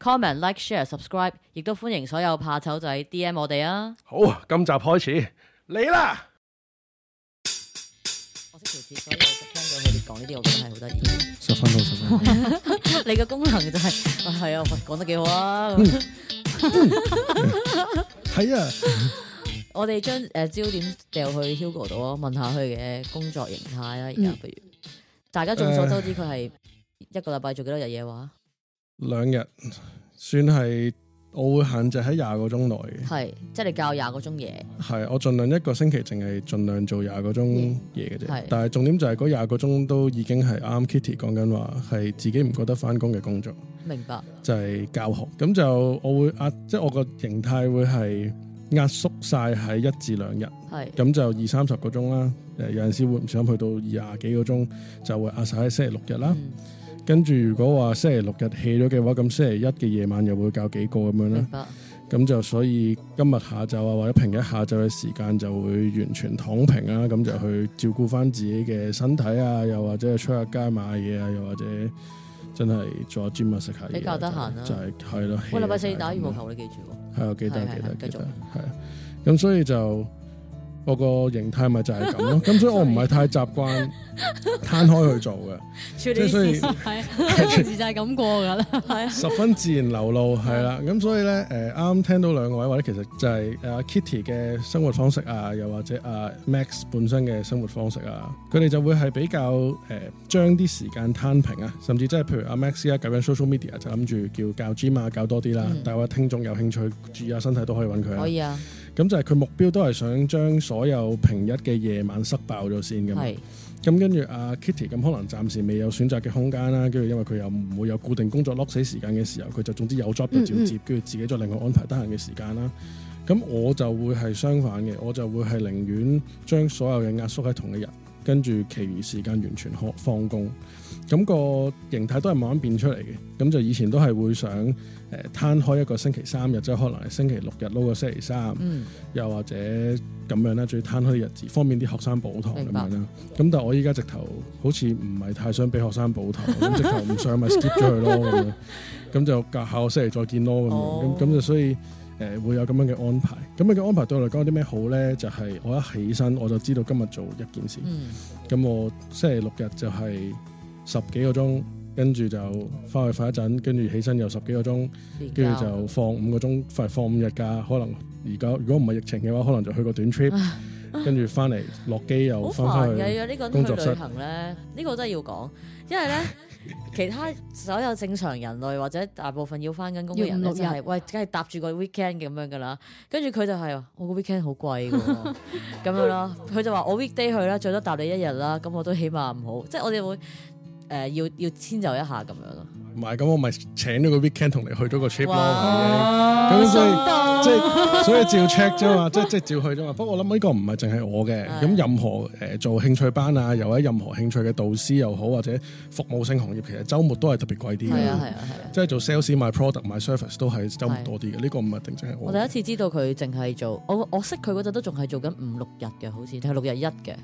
Comment like, share、Like、Share、Subscribe，亦都歡迎所有怕醜仔 D M 我哋啊！好，今集開始嚟啦。我識條鐵，所以我聽到佢哋講呢啲，我覺得係好得意。十分到十分， 你嘅功能就係、是、係啊，講得幾好啊！係啊， 我哋將誒焦點掉去 Hugo 度啊，問下佢嘅工作形態啊。而家不如、嗯呃、大家眾所周知，佢係一個禮拜做幾多日嘢話？兩日算係，我會限制喺廿個鐘內係，即係你教廿個鐘嘢。係，我盡量一個星期淨係盡量做廿個鐘嘢嘅啫。嗯、但係重點就係嗰廿個鐘都已經係啱。Kitty 講緊話係自己唔覺得返工嘅工作。明白。就係教學，咁就我會壓，即、就、係、是、我個形態會係壓縮晒喺一至兩日。係、嗯，咁就二三十個鐘啦。誒，有陣時會唔想去到廿幾個鐘，就會壓晒喺星期六日啦。嗯。跟住如果話星期六日起咗嘅話，咁星期一嘅夜晚又會教幾個咁樣咧？明白。咁就所以今日下晝啊，或者平日下晝嘅時間就會完全躺平啦。咁就去照顧翻自己嘅身體啊，又或者係出下街買嘢啊，又或者真係做下 gym 啊，食下嘢。比較得閒啦。就係係咯。我禮拜四打羽毛球，你記住。係，記得記得繼續。係。咁所以就。個個形態咪就係咁咯，咁所以我唔係太習慣攤、啊、開去做嘅，所以日、啊啊、子就係咁過噶啦，係、啊、十分自然流露，係啦、啊，咁所以咧，誒啱啱聽到兩位或者其實就係誒 Kitty 嘅生活方式啊，又或者阿、啊、Max 本身嘅生活方式啊，佢哋就會係比較誒將啲時間攤平啊，甚至即係譬如阿、啊、Max 而家減 social media，就諗住叫教 gym 啊，教多啲啦，但係我聽眾有興趣注意下身體都可以揾佢啊，可以啊。咁就係佢目標都係想將所有平日嘅夜晚塞爆咗先嘅嘛。咁是跟住阿、啊、Kitty 咁，可能暫時未有選擇嘅空間啦。跟住因為佢又唔會有固定工作 lock 死時間嘅時候，佢就總之有 job 就照接，跟住、嗯嗯、自己再另外安排得閒嘅時間啦。咁我就會係相反嘅，我就會係寧願將所有嘅壓縮喺同一日。跟住，其餘時間完全可放工，咁、那個形態都係慢慢變出嚟嘅。咁就以前都係會想，誒、呃、攤開一個星期三日，即係可能係星期六日撈個星期三，嗯、又或者咁樣咧，最攤開啲日子方便啲學生補堂咁白樣啦。咁但係我依家直頭好似唔係太想俾學生補堂，咁直頭唔想咪 skip 咗佢咯。咁咁 就隔下個星期再見咯。咁咁、哦、就所以。誒會有咁樣嘅安排，咁樣嘅安排對我嚟講有啲咩好咧？就係、是、我一起身我就知道今日做一件事，咁、嗯、我星期六日就係十幾個鐘，跟住就翻去瞓一陣，跟住起身又十幾個鐘，跟住就放五個鐘，快放五日假。可能而家如果唔係疫情嘅話，可能就去個短 trip， 跟住翻嚟落機又翻返去工作。好 煩嘅、這個這個、要，要旅行咧，呢個真係要講，因為咧。其他所有正常人類或者大部分要翻緊工嘅人咧，真係、就是、喂，梗係搭住個 weekend 咁樣噶啦。跟住佢就係、是，我個 weekend 好貴，咁 樣咯。佢就話我 weekday 去啦，最多搭你一日啦。咁我都起碼唔好，即係我哋會誒、呃、要要遷就一下咁樣咯。同埋咁我咪請咗個 weekend 同你去咗個 trip 咯，咁哇所以即係所以照 check 啫嘛，哇即即照去啫嘛。哇不過我諗呢個唔係淨係我嘅，咁的任何誒、呃、做興趣班啊，又或者任何興趣嘅導師又好，或者服務性行業，其實周末都係特別貴啲嘅，即係做 sales 賣 product 賣 service 都係周末多啲嘅。呢的個唔係定真係我。我第一次知道佢淨係做，我我識佢嗰陣都仲係做緊五六日嘅，好似係六日一嘅。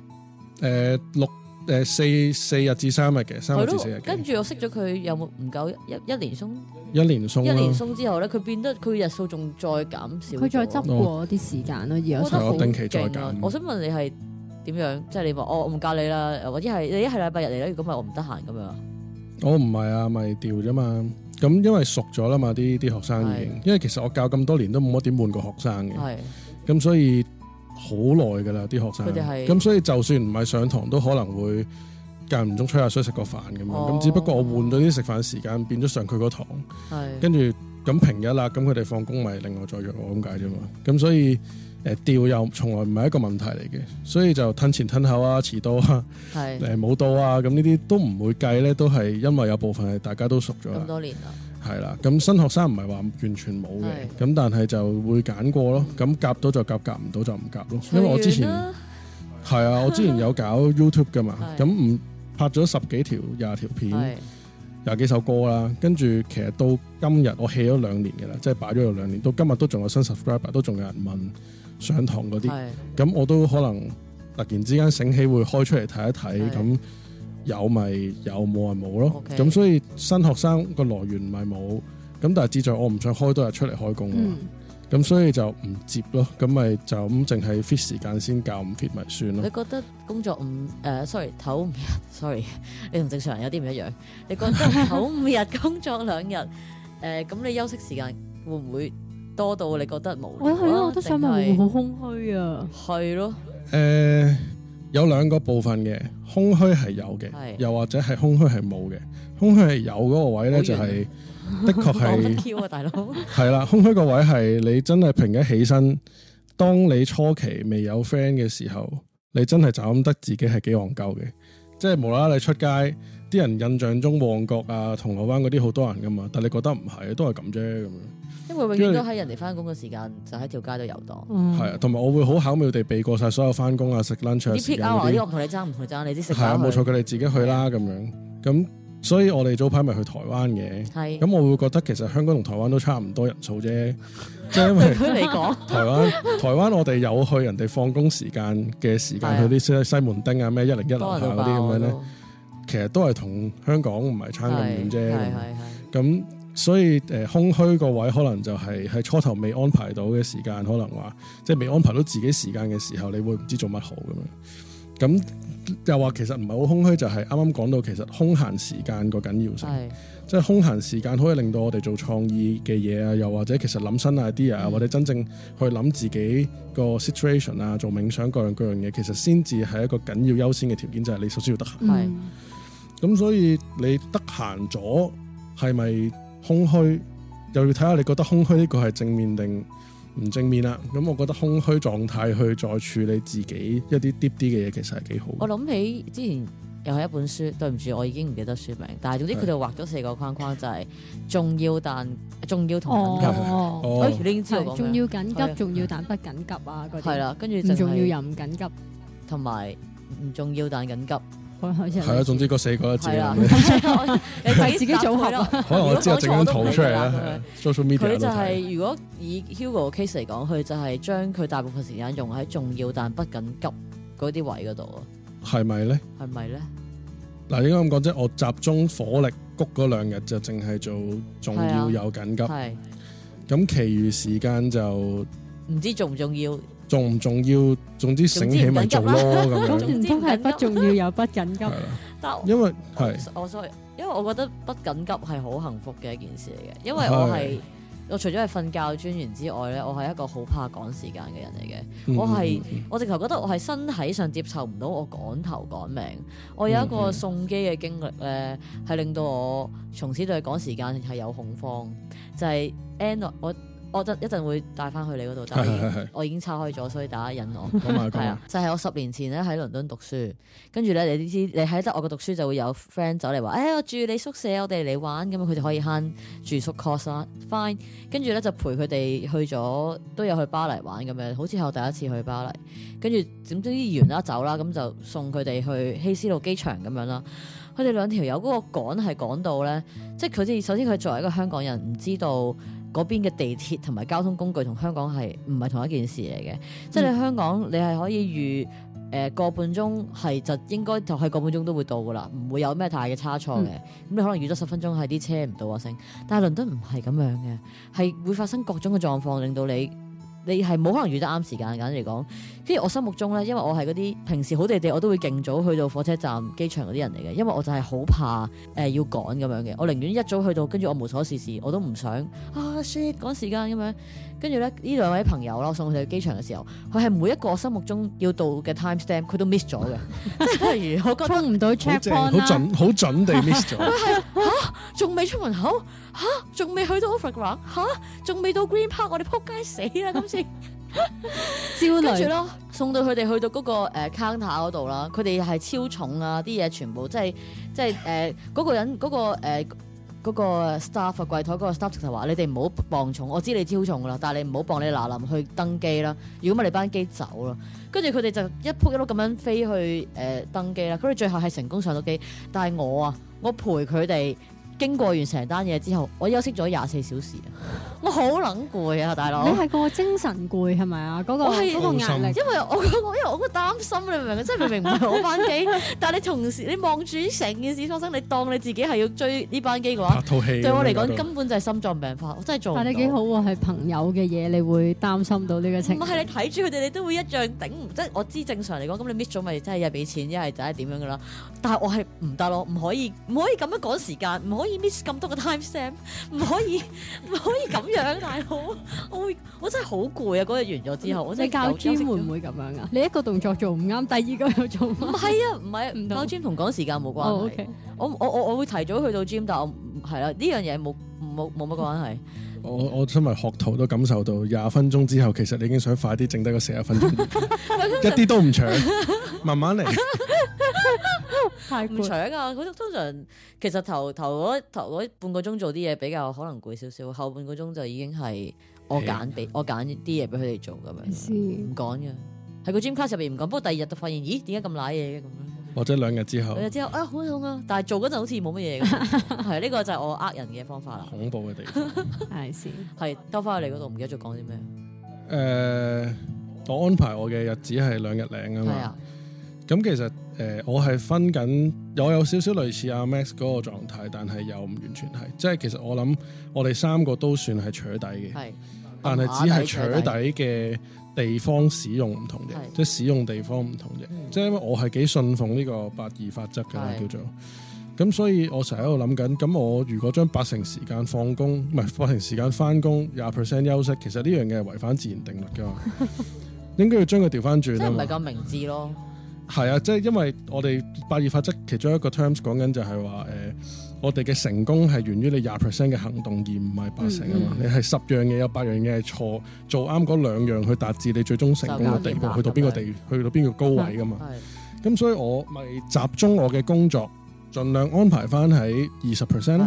誒六。誒，四四日至三日嘅，三日至四日。跟住、嗯、我識咗佢有冇唔夠一年鬆？一年鬆一年鬆之後咧，佢變得佢日數仲再減少，佢再執過一啲時間咯。我,我覺得好勁啊！我,我想問你係點樣？即係你話、哦、我唔教你啦，或者係你一係禮拜日嚟啦，如果咪我唔得閒咁樣。我唔係啊，咪調啫嘛。咁因為熟咗啦嘛，啲啲學生，已經因為其實我教咁多年都冇乜點換過學生嘅。係的。咁的所以。好耐噶啦，啲學生，咁所以就算唔係上堂，都可能會間唔中吹下水、食個飯咁樣。咁只不過我換咗啲食飯時間，變咗上佢個堂，跟住咁平日啦，咁佢哋放工咪另外再約我咁解啫嘛。咁、嗯、所以誒調、呃、又從來唔係一個問題嚟嘅，所以就吞前吞後啊，遲到啊，誒冇到啊，咁呢啲都唔會計咧，都係因為有部分係大家都熟咗咁多年啦。係啦，咁新學生唔係話完全冇嘅，咁是的 但係就會揀過咯，咁夾，嗯、到就夾，夾唔到就唔夾咯。因為我之前係啊，我之前有搞 YouTube 㗎嘛，咁唔是的 拍咗十幾條，廿條片，廿是的 幾首歌啦，跟住其實到今日我起咗兩年嘅啦，即係擺咗有兩年，到今日都仲有新 subscriber，都仲有人問上堂嗰啲，咁是的 我都可能突然之間醒起會開出嚟睇一睇咁。是的 有咪有，冇咪冇咯。咁所以新學生個來源咪冇，咁但係志在我唔想開多日出嚟開工啊嘛。咁所以就唔接咯，咁咪就咁淨係 fit 時間先教，唔 fit 咪算咯。你覺得工作五誒，sorry，唞五日，sorry，你同正常人有啲唔一樣。你覺得唞五日工作兩日誒，咁你休息時間會唔會多到你覺得冇？我去，我都想問，好空虛啊。係咯，誒。有兩個部分嘅空虛係有嘅，是又或者係空虛係冇嘅。空虛係有嗰個位呢，就係、是、的確係。大佬？係啦，空虛個位係你真係平日起身，當你初期未有 friend 嘅時候，你真係就咁得自己係幾戇鳩嘅。即係無啦啦你出街，啲人印象中旺角啊、銅鑼灣嗰啲好多人㗎嘛，但你覺得唔係，都係咁啫咁樣。因為，因為永遠都喺人哋返工嘅時間，就喺條街度遊蕩。係、嗯、啊，同埋我會好巧妙地避過晒所有返工啊、食 lunch 啊啲。啲皮呢個同你爭唔同你爭，你知食。係啊，冇錯，佢哋自己去啦咁、啊、樣咁。所以我哋早排咪去台灣嘅，咁係我會覺得其實香港同台灣都差唔多人數啫，就係因為台灣，台灣我哋有去人哋放工時間嘅時間、啊、去啲西西門町啊咩一零一樓啊啲咁樣咧，呢其實都係同香港唔係差咁遠啫。咁所以誒空虛個位可能就係喺初頭未安排到嘅時間，可能話即係未安排到自己時間嘅時候，你會唔知做乜好咁樣。咁又話其實唔係好空虛，就係啱啱講到其實空閒時間個緊要性，是即係空閒時間可以令到我哋做創意嘅嘢啊，又或者其實諗新 idea，、嗯、或者真正去諗自己個 situation 啊，做冥想各樣各樣嘢，其實先至係一個緊要優先嘅條件，就係、是、你首先要得閒。咁是所以你得閒咗，係咪空虛？又要睇下你覺得空虛呢個係正面定？唔正面啦，咁我覺得空虛狀態去再處理自己一啲啲啲嘅嘢，其實係幾好。我諗起之前又係一本書，對唔住，我已經唔記得書名。但係總之佢就畫咗四個框框，的就係重要但重要同緊急。哦哦哦，重要緊急，以重要但不緊急啊！嗰啲係啦，跟住就唔重要又唔緊急，同埋唔重要但緊急。係啊，總之嗰四個自己啊，你睇自己組合。可能我之後整張圖出嚟啦。Social media 就係如果以 Hugo case 嚟講，佢就係將佢大部分時間用喺重要但不緊急嗰啲位嗰度啊。係咪咧？係咪咧？嗱，你應該咁講，即係我集中火力谷嗰兩日就淨係做重要又緊急。係。咁其餘時間就唔知重唔重要。重唔重要？總之醒起咪做咯咁樣。總之緊急啦，樣 總之係不重要又不緊急。 但我因為係是我所以，sorry, 因為我覺得不緊急係好幸福嘅一件事嚟嘅。因為我係是我除咗係瞓覺專員之外咧，我係一個好怕趕時間嘅人嚟嘅。我係、嗯嗯嗯、我直頭覺得我係身體上接受唔到我趕頭趕命。我有一個送機嘅經歷咧，係令到我從此對趕時間係有恐慌。就係、是、end 我。我我就一陣會，會帶翻去你嗰度。但係我已經拆是開咗，所以打引我。係啊，就係、是、我十年前咧喺倫敦讀書，跟住咧你知，你喺得外國讀書就會有 friend 走嚟話，誒、哎、我住你宿舍，我哋嚟玩咁佢就可以慳住宿 cost 啦。Fine，跟住咧就陪佢哋去咗，都有去巴黎玩咁樣，好似我第一次去巴黎。跟住點知啲完啦走啦，咁就送佢哋去希斯路機場咁樣啦。佢哋兩條友嗰個趕係趕到咧，即係佢哋首先佢作為一個香港人唔知道。嗰邊嘅地鐵同埋交通工具同香港係唔係同一件事嚟嘅？嗯、即係你香港你係可以預誒、呃、個半鐘係就應該就係個半鐘都會到噶啦，唔會有咩太嘅差錯嘅。咁你、嗯嗯、可能預咗十分鐘係啲車唔到啊，剩但係倫敦唔係咁樣嘅，係會發生各種嘅狀況，令到你你係冇可能預得啱時間。簡直嚟講。跟住我心目中咧，因為我係嗰啲平時好地地，我都會勁早去到火車站、機場嗰啲人嚟嘅，因為我就係好怕誒要趕咁樣嘅，我寧願一早去到，跟住我無所事事，我都唔想啊、oh、shit 趕時間咁樣。跟住咧，呢兩位朋友我送佢哋去機場嘅時候，佢係每一個心目中要到嘅 timestamp，佢都 miss 咗嘅。即係例如，我覺得唔到好準，好準，準地 miss 咗、 啊。佢係嚇，仲未出門口嚇，仲、啊、未去到 Overground 嚇、啊，仲未到 Green Park，我哋撲街死啦！今次。照住咯，送到佢哋去到嗰、那個誒 counter 嗰度啦，佢哋係超重啊，啲嘢全部即係即係誒，嗰、就是呃那個人嗰、那個誒、呃那個 staff 喺櫃台嗰個 staff 就話：你哋唔好磅重，我知你超重噶啦，但係你唔好磅你嗱嗱臨去登機啦，如果唔係你班機走咯。跟住佢哋就一仆一碌咁樣飛去誒、呃、登機啦，跟住最後係成功上到機，但係我啊，我陪佢哋。經過完成單嘢之後，我休息咗廿四小時，我好撚攰啊，大佬。你係個精神攰係咪啊？是是那個我係是一個壓力，心因為我嗰、那個，因為我個擔心，你明唔明，即係明明唔係我班機， 但係你同時你望住成件事發生，你當你自己係要追呢班機嘅話，套、啊、對我嚟講根本就係心臟病發，我真係做唔到。但你幾好喎，係朋友嘅嘢，你會擔心到呢個情。唔係你睇住佢哋，你都會一樣頂，即係我知正常嚟講，咁你搣咗咪真係一係俾錢，一係就係點樣噶啦？但係我係唔得咯，唔可以，唔可以咁樣趕時間，唔可以。miss 咁多個 timestamp，唔可以唔可以咁樣，大佬我我真係好攰啊！嗰日完咗之後，我真係教 gym 會唔會咁樣啊？你一個動作做唔啱，第二個又做唔係啊？唔係教 gym 同講時間冇關係。我我我我會提早去到 gym，但係啦呢樣嘢冇冇冇乜關係。我我身為學徒都感受到，廿分鐘之後其實你已經想快啲剩低個四十分鐘，一啲都唔長，慢慢嚟。係唔搶啊？通常其實頭頭嗰頭，頭，頭半個鐘做啲嘢比較可能攰少少，後半個鐘就已經係我揀俾、欸、我揀啲嘢俾佢哋做咁樣，唔講嘅，喺個 gym class 入邊唔講，不過第二日就發現，咦，點解咁瀨嘢嘅咁樣？或者兩日之後，兩日之後啊，好痛啊！但係做嗰陣好似冇乜嘢，係呢、 這個就係我呃人嘅方法啦。恐怖嘅地方係是，係兜翻去嚟嗰度，唔記得咗講啲咩？誒、呃，我安排我嘅日子係兩日領啊嘛，咁的、嗯、其實。誒，我係分緊，我有少少類似阿、啊、Max 嗰個狀態，但係又唔完全係，即係其實我諗，我哋三個都算係扯底嘅，但係只係扯底嘅地方使用唔同嘅，是即使用地方唔同嘅，是嗯、即係因為我係幾信奉呢個八二法則嘅是叫做，咁所以我成日喺度諗緊，咁我如果將八成時間放工，唔、呃、係八成時間返工廿 percent 休息，其實呢樣嘢係違反自然定律嘅， 應該要將佢調翻轉，即唔係咁明智咯。係啊，即係因為我哋八二法則其中一個 terms 講緊就係話，誒、呃，我哋嘅成功係源於你廿 percent 嘅行動，而唔係八成啊嘛。嗯嗯、你係十樣嘢有八樣嘢係錯，做啱嗰兩樣去達至你最終成功嘅地步，去到邊個地，去到邊個高位噶嘛。咁、嗯嗯、所以我咪集中我嘅工作，盡量安排翻喺二十 percent。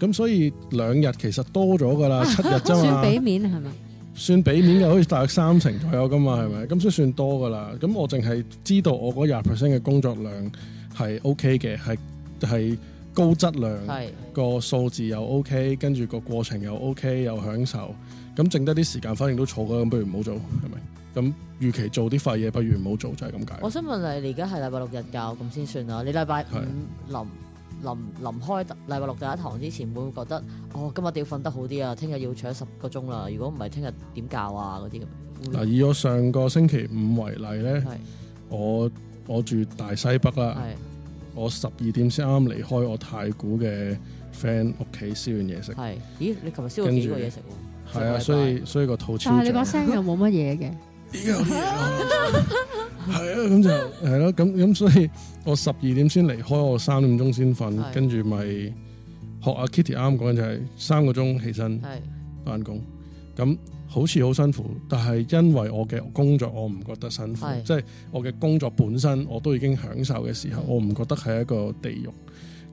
咁的所以兩日其實多咗噶啦，啊、七日啫嘛。算俾面嘅，好似大約三成左右噶嘛，係咪？咁所以算多噶啦。咁我淨係知道我嗰廿 percent 嘅工作量係 OK 嘅，係係高質量，係是個數字又 OK，跟住個過程又 OK，又享受。咁剩低啲時間反正都坐嘅，咁不如唔好做，係咪？咁預期做啲廢嘢，不如唔好做，就係咁解。我想問你，你而家係禮拜六日教，咁先算啦。你禮拜五臨臨臨開禮拜六第一堂之前，會唔會覺得哦？今日要瞓得好啲啊！聽日要坐十個鐘啦！如果唔係，聽日點教啊？嗰啲咁。嗱，以我上個星期五為例咧，是我我住大西北啦，是我十二點先啱離開我太古嘅 friend 屋企燒完嘢食。係，咦？你琴日燒咗幾個嘢食？係著啊，所以所以個肚超。但係你把聲又冇乜嘢嘅。 係啊，咁就係咯，咁、嗯、咁所以我十二點先離開，我三點鐘先瞓，是跟住咪學阿 Kitty 啱講就係三個鐘起身，係翻工，咁是、嗯、好似好辛苦，但係因為我嘅工作我唔覺得辛苦，即係是我嘅工作本身我都已經享受嘅時候，我唔覺得係一個地獄，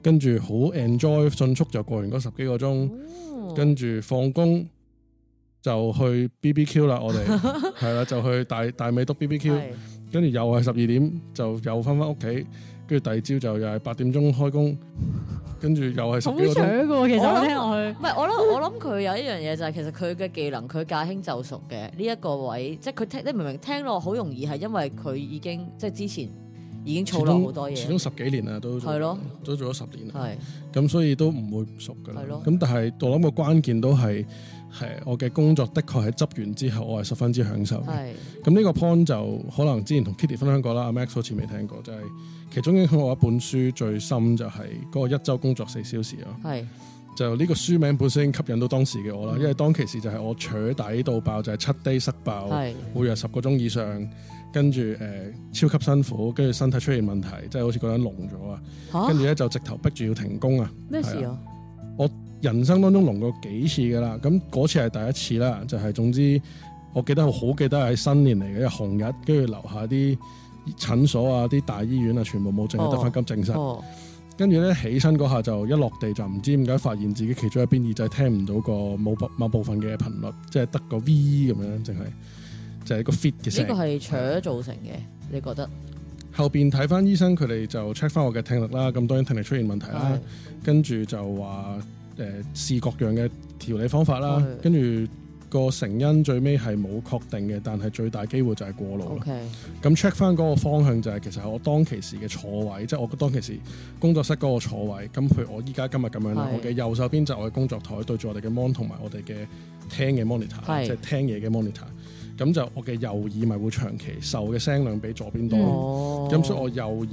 跟住好 enjoy，迅速就過完嗰十幾個鐘，哦、跟住放工就去 BBQ 啦，我哋係啦，就去大大美督 BBQ。跟住又係十二點就又返返屋企，跟住第二朝就又係八點鐘開工，跟住又係十幾。好扯嘅喎，其實我聽落去。唔係我諗，我諗佢有一樣嘢就係其實佢嘅技能，佢駕輕就熟嘅呢一個位，即係佢聽，你明明聽落好容易係因為佢已經即係之前已經儲落好多嘢。始終十幾年啊，都係咯，都做咗十年。係咁，所以都唔會唔熟㗎。係咯。咁但係我諗個關鍵都係。係我嘅工作的確喺執完之後，我係十分之享受。係咁呢個 point 就可能之前同 Kitty 分享過啦，阿、啊、Max 好似未聽過，就係、是、其中影響我一本書最深就係嗰個一周工作四小時咯。係是就呢個書名本身吸引到當時嘅我啦，嗯、因為當其時就係我扯底到爆，就係、是、七 day 塞爆，是每日十個鐘以上，跟住誒超級辛苦，跟住身體出現問題，即、就、係、是、好似嗰陣聾咗啊，跟住咧就直頭逼住要停工啊。咩事啊？啊我人生當中聾過幾次嘅啦，咁嗰次係第一次啦，就係、是、總之，我記得好記得係新年嚟嘅紅日，跟住樓下啲診所啊、啲大醫院啊，全部冇，淨係得翻急症室、哦。跟住咧起身嗰下就一落地就唔知點解發現自己其中一邊耳仔聽唔到個某部某部分嘅頻率，即係得個 V 咁樣，淨係就係、是、一個 fit 嘅聲。呢個係除咗造成嘅，嗯、你覺得？後邊睇翻醫生，佢哋就 check 翻我嘅聽力啦，咁當然聽力出現問題啦，嗯嗯、跟住就話。誒、呃、視覺樣嘅調理方法啦，跟住的個成因最尾係冇確定嘅，但係最大機會就係過勞啦。咁 check 翻嗰個方向就係、是、其實我當其時嘅坐位，即、就、係、是、我當其時工作室嗰個坐位。咁譬如我依家今日咁樣啦，的我嘅右手邊就係我嘅工作台對住我哋嘅 mon 同埋我哋嘅聽嘅 monitor，的即係聽嘢嘅 monitor。咁就我嘅右耳咪會長期受嘅聲量比左邊多，咁、嗯、所以我右耳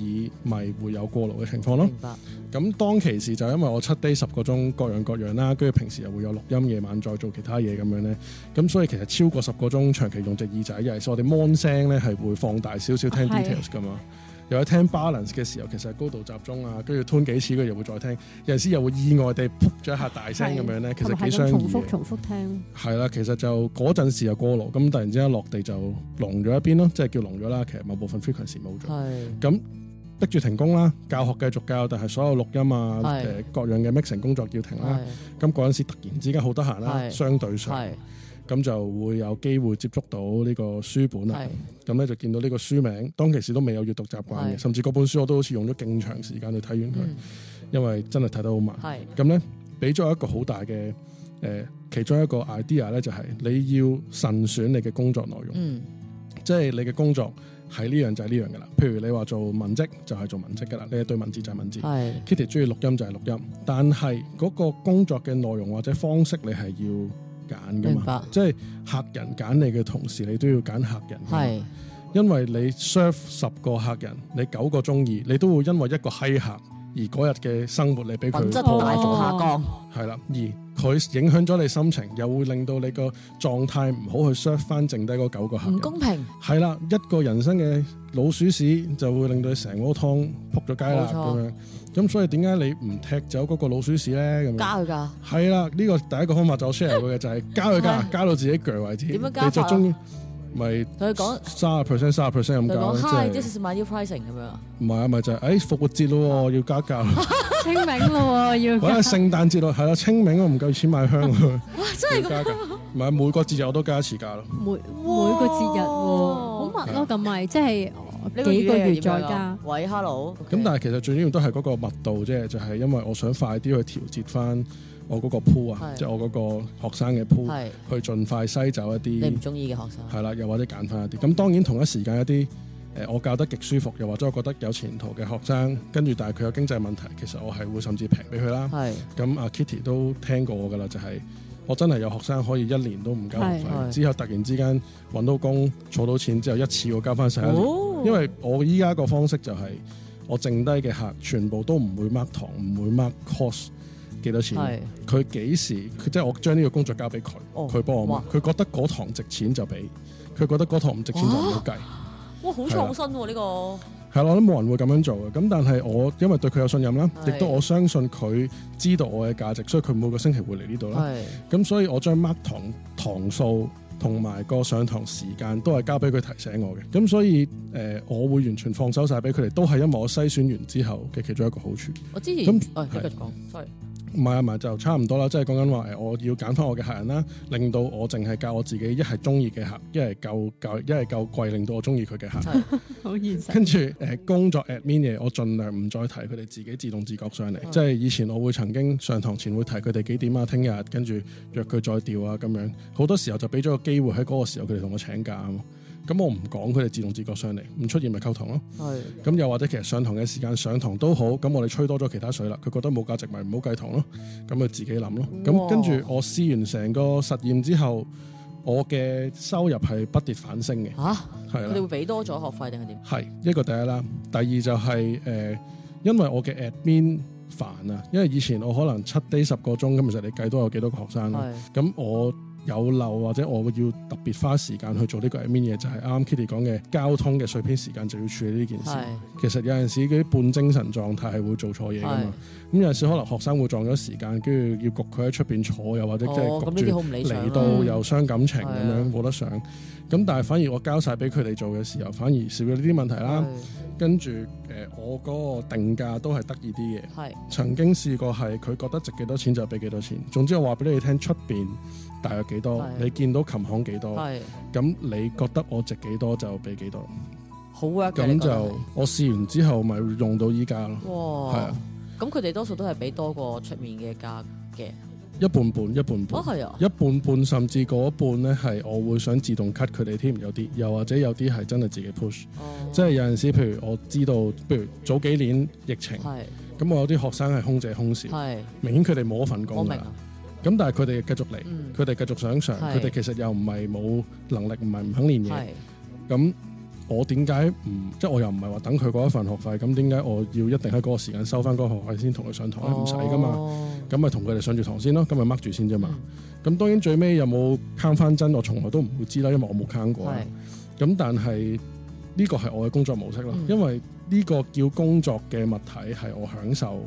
咪會有過勞嘅情況咯。明白。咁當其時就因為我七 day 十個鐘各樣各樣啦，跟住平時又會有錄音，夜晚再做其他嘢咁樣咧，咁所以其實超過十個鐘長期用隻耳仔，因為我哋 mon 聲咧係會放大少少聽 details 噶嘛。有聽 balance 嘅時候，其實係高度集中啊，跟住吞幾次，佢又會再聽。有陣時又會意外地撲咗一下大聲咁樣咧，是其實幾雙。是是重複重複聽。係啦，其實就嗰陣時又過勞，咁突然之間落地就聾咗一邊咯，即係叫聾咗啦。其實某部分 frequency 冇咗。係是。咁逼住停工啦，教學繼續教，但係所有錄音啊，誒是各樣嘅 mixing 工作要停啦。咁嗰陣時突然之間好得閒啦，是是相對上。是咁就會有機會接觸到呢個書本啦。咁咧是就見到呢個書名，當其時都未有閱讀習慣嘅，是甚至嗰本書我都好似用咗勁長時間去睇完佢，嗯、因為真係睇得好慢。咁咧俾咗一個好大嘅誒、呃，其中一個 idea 咧就係你要慎選你嘅工作內容，即係、嗯、你嘅工作係呢樣就係呢樣噶啦。譬如你話做文職就係做文職噶啦，你一對文字就係文字是，Kitty 鍾意錄音就係錄音，但係嗰個工作嘅內容或者方式你係要。揀㗎嘛，白即係客人揀你嘅同時，你都要揀客人。係，因為你 serve 十個客人，你九個中意，你都會因為一個閪客而嗰日嘅生活你俾佢大幅下降。係啦、哦，而。佢影響咗你心情，又會令到你個狀態唔好，去削翻剩低嗰九個客。唔公平。係啦，一個人生嘅老鼠屎就會令到你成鑊湯撲咗街啦咁樣。咁錯所以點解你唔踢走嗰個老鼠屎咧？咁加佢他㗎。係啦，呢、這個第一個方法就 share 嘅就係交佢㗎，交 是到自己攰為止，你就終於。咪同佢講三十 percent、三十 percent 咁講，即係即係 my new pricing 咁樣。唔係啊，咪就係誒復活節咯，要加價；清明咯，要加。或者聖誕節咯，係啦，清明我唔夠錢買香。哇！真係加，唔係每個節日我都加一次價咯。每每個節日，好密咯咁咪，即係幾個月再加。喂，hello。咁但係其實最重要都係嗰個密度啫，就係因為我想快啲去調節翻。我嗰個 pool 啊是，即係我嗰個學生嘅 pool 是去盡快篩走一啲你唔中意嘅學生，係啦，又或者揀翻一啲。咁當然同一時間一啲誒、呃，我教得極舒服，又或者我覺得有前途嘅學生，跟住但係佢有經濟問題，其實我係會甚至平俾佢啦。咁是，阿 Kitty 都聽過我噶啦，就係、是、我真係有學生可以一年都唔交學費，是之後突然之間揾到工，儲到錢之後一次過交翻成一年。因為我依家個方式就係我剩低嘅客，全部都唔會 mark 堂，唔會 mark cost。幾多錢？佢幾時？佢即係我將呢個工作交俾佢，佢幫我。佢覺得嗰堂值錢就俾，佢覺得嗰堂唔值錢就唔好計。哇，好創新呢個！係咯，我諗冇人會咁樣做嘅。咁但係我因為對佢有信任啦，亦都我相信佢知道我嘅價值，所以佢每個星期會嚟呢度啦。咁所以我將 mark 堂堂數同埋個上堂時間都係交俾佢提醒我嘅。咁所以誒我會完全放手晒俾佢哋，都係因為我篩選完之後嘅其中一個好處。我之前咁繼續講唔係啊，唔係就差唔多啦，即係講緊話誒，我要揀返我嘅客人啦，令到我淨係教我自己一係中意嘅客，一係夠夠，一係夠貴，令到我中意佢嘅客。好現實。跟住誒、呃、工作 admin，er，我盡量唔再提佢哋自己自動自覺上嚟。嗯、即係以前我會曾經上堂前會提佢哋幾點啊，聽日跟住約佢再調啊咁樣。好多時候就俾咗個機會喺嗰個時候佢哋同我請假。咁我唔講佢哋自動自覺上嚟，唔出現咪扣堂咯。係是。咁又或者其實上堂嘅時間上堂都好，咁我哋吹多咗其他水啦，佢覺得冇價值咪唔好計堂咯。咁佢自己諗咯。咁跟住我試完成個實驗之後，我嘅收入係不跌反升嘅。嚇、啊，係啦的。你會俾多咗學費定係點？係一個第一啦，第二就係、是、誒、呃，因為我嘅 admin 煩啊，因為以前我可能七 day 十個鐘，咁其實你計多有幾多個學生啦。咁是我。有漏或者我要特別花時間去做呢個係咩嘢？就係啱 Kitty 講嘅交通嘅碎片時間就要處理呢件事。是其實有陣時啲半精神狀態係會做錯嘢㗎嘛。咁是有陣時可能學生會撞咗時間，跟住要焗佢喺出邊坐，又或者即係焗住嚟到又傷感情咁、啊、樣冇得上。咁但係反而我交晒俾佢哋做嘅時候，反而少咗呢啲問題啦。跟住誒、呃，我嗰個定價都係得意啲嘅。係是曾經試過係佢覺得值幾多錢就俾幾多錢。總之我話俾你聽，出邊大約幾多，是你見到琴行幾多，咁是你覺得我值幾多就俾幾多。好 work，咁就我試完之後咪用到依家咯。哇！咁佢哋多數都係俾多過出面嘅價嘅。一半半，一半半，哦、一半半，甚至嗰一半咧，係我會想自動 cut 佢哋添。有啲，又或者有啲係真係自己 push。哦、即係有陣時，譬如我知道，譬如早幾年疫情，係咁是我有啲學生係空姐空少，係是明顯佢哋冇一份工嘅。我明咁、啊、但係佢哋繼續嚟，佢哋、嗯、繼續想上，佢哋其實又唔係冇能力，唔係唔肯練嘢。咁是。是我點解唔，即係我又唔係話等佢嗰一份學費，咁點解我要一定喺嗰個時間收翻嗰個學費先同佢上堂？唔使噶嘛，咁咪同佢哋上住堂先咯，咁咪掹住先啫嘛。咁、嗯、當然最尾有冇坑翻真，我從來都唔會知啦，因為我冇坑過。咁是但係呢個係我嘅工作模式啦，嗯、因為呢個叫工作嘅物體係我享受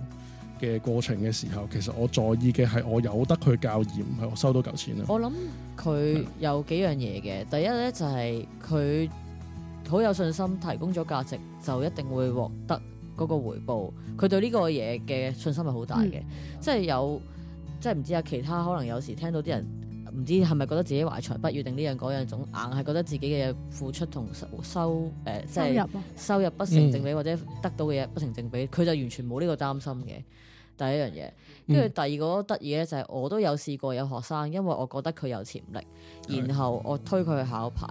嘅過程嘅時候，其實我在意嘅係我有得去教而唔係我收到嚿錢啦。我諗佢有幾樣嘢嘅，是第一咧就係佢。好有信心提供咗價值，就一定會獲得嗰個回報。佢對呢個嘢嘅信心係好大嘅，嗯、即係有，即係唔知有、啊、其他可能。有時聽到啲人唔知係咪覺得自己懷才不遇定呢樣嗰樣，總硬係覺得自己嘅付出同收收誒、呃，即係收入不成正比，嗯、或者得到嘅嘢不成正比，佢就完全冇呢個擔心嘅第一樣嘢。跟住第二個得意咧，就係、是、我都有試過有學生，因為我覺得佢有潛力，然後我推佢去考牌。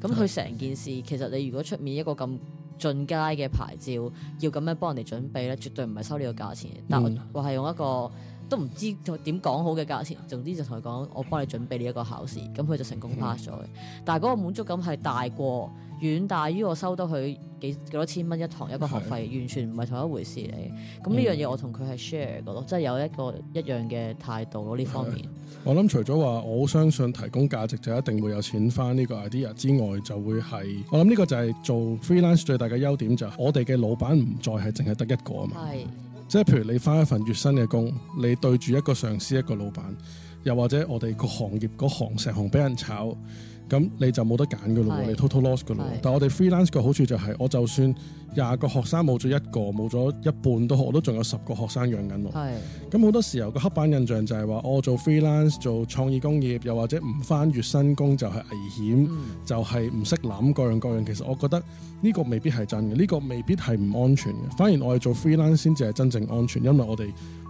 咁佢成件事，其實你如果出面一個咁進階嘅牌照，要咁樣幫人哋準備咧，絕對唔係收呢個價錢。嗯，但我係用一個，都唔知點講好嘅價錢，總之就同佢講，我幫你準備呢一個考試，咁佢就成功 pass 咗。嗯、但係嗰個滿足感係大過遠大於我收得佢幾幾，幾多千蚊一堂一個學費，的完全唔係同一回事嚟。咁呢樣嘢我同佢係 share 嘅咯，即係、嗯、有一個一樣嘅態度咯呢方面。我諗除咗話我相信提供價值就一定會有錢翻呢個 idea 之外，就會係我諗呢個就係做 freelance 最大嘅優點就係、我哋嘅老闆唔再係淨係得一個啊嘛。即係譬如你返一份月薪嘅工，你對住一個上司一個老闆，又或者我哋個行業嗰行成行俾人炒。咁你就冇得揀嘅咯，是你 total loss 嘅咯。是但我哋 freelance 個好處就係、是、我就算廿個學生冇咗一個，冇咗一半都，好，我都仲有十個學生養緊我。係是。咁好多時候個刻板印象就係話我做 freelance 做創意工業又或者唔翻月薪工就係危險，嗯、就係唔識諗各樣各樣，各樣。其實我覺得呢個未必係真嘅，呢、這個未必係唔安全嘅。反而我哋做 freelance 先至係真正安全，因為我哋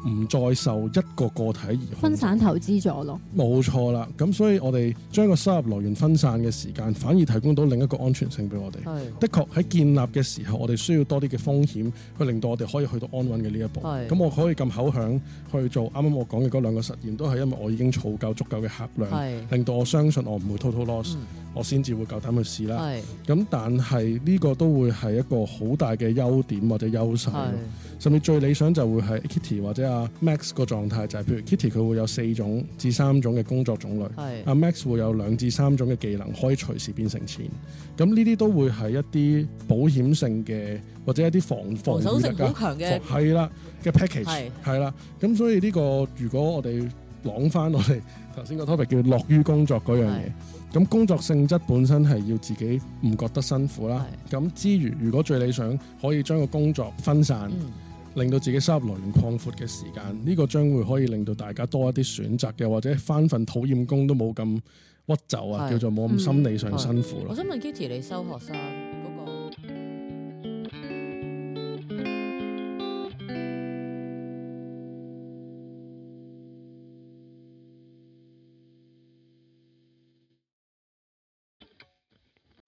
唔再受一個個體而分散投資咗咯。冇錯啦，咁 所以我哋將個收入來源分。分散嘅時間，反而提供到另一個安全性俾我哋。是的確喺建立嘅時候，我哋需要多啲嘅風險，去令到我哋可以去到安穩嘅呢一步。咁是我可以咁口響去做，啱啱我講嘅嗰兩個實驗，都係因為我已經儲夠足夠嘅客量，是令到我相信我唔會 total loss。嗯我先至會夠膽去試啦。咁是但係呢個都會係一個好大嘅優點或者優勢，是甚至最理想就會係 Kitty 或者阿 Max 個狀態，就係、是、譬如 Kitty 佢會有四種至三種嘅工作種類，阿是 Max 會有兩至三種嘅技能，可以隨時變成錢。咁呢啲都會係一啲保險性嘅或者一啲防防、防守性好強嘅，係啦嘅 package，係啦。咁 pack 是所以呢個如果我哋講翻我哋頭先個 topic 叫樂於工作嗰樣嘢，咁是工作性質本身係要自己唔覺得辛苦啦。咁是之餘，如果最理想可以將個工作分散，嗯、令到自己收入來源擴闊嘅時間，呢個將會可以令到大家多一啲選擇嘅，或者翻份討厭工都冇咁屈就啊，是叫做冇咁心理上辛苦咯、嗯。我想問 Kitty，你收學生？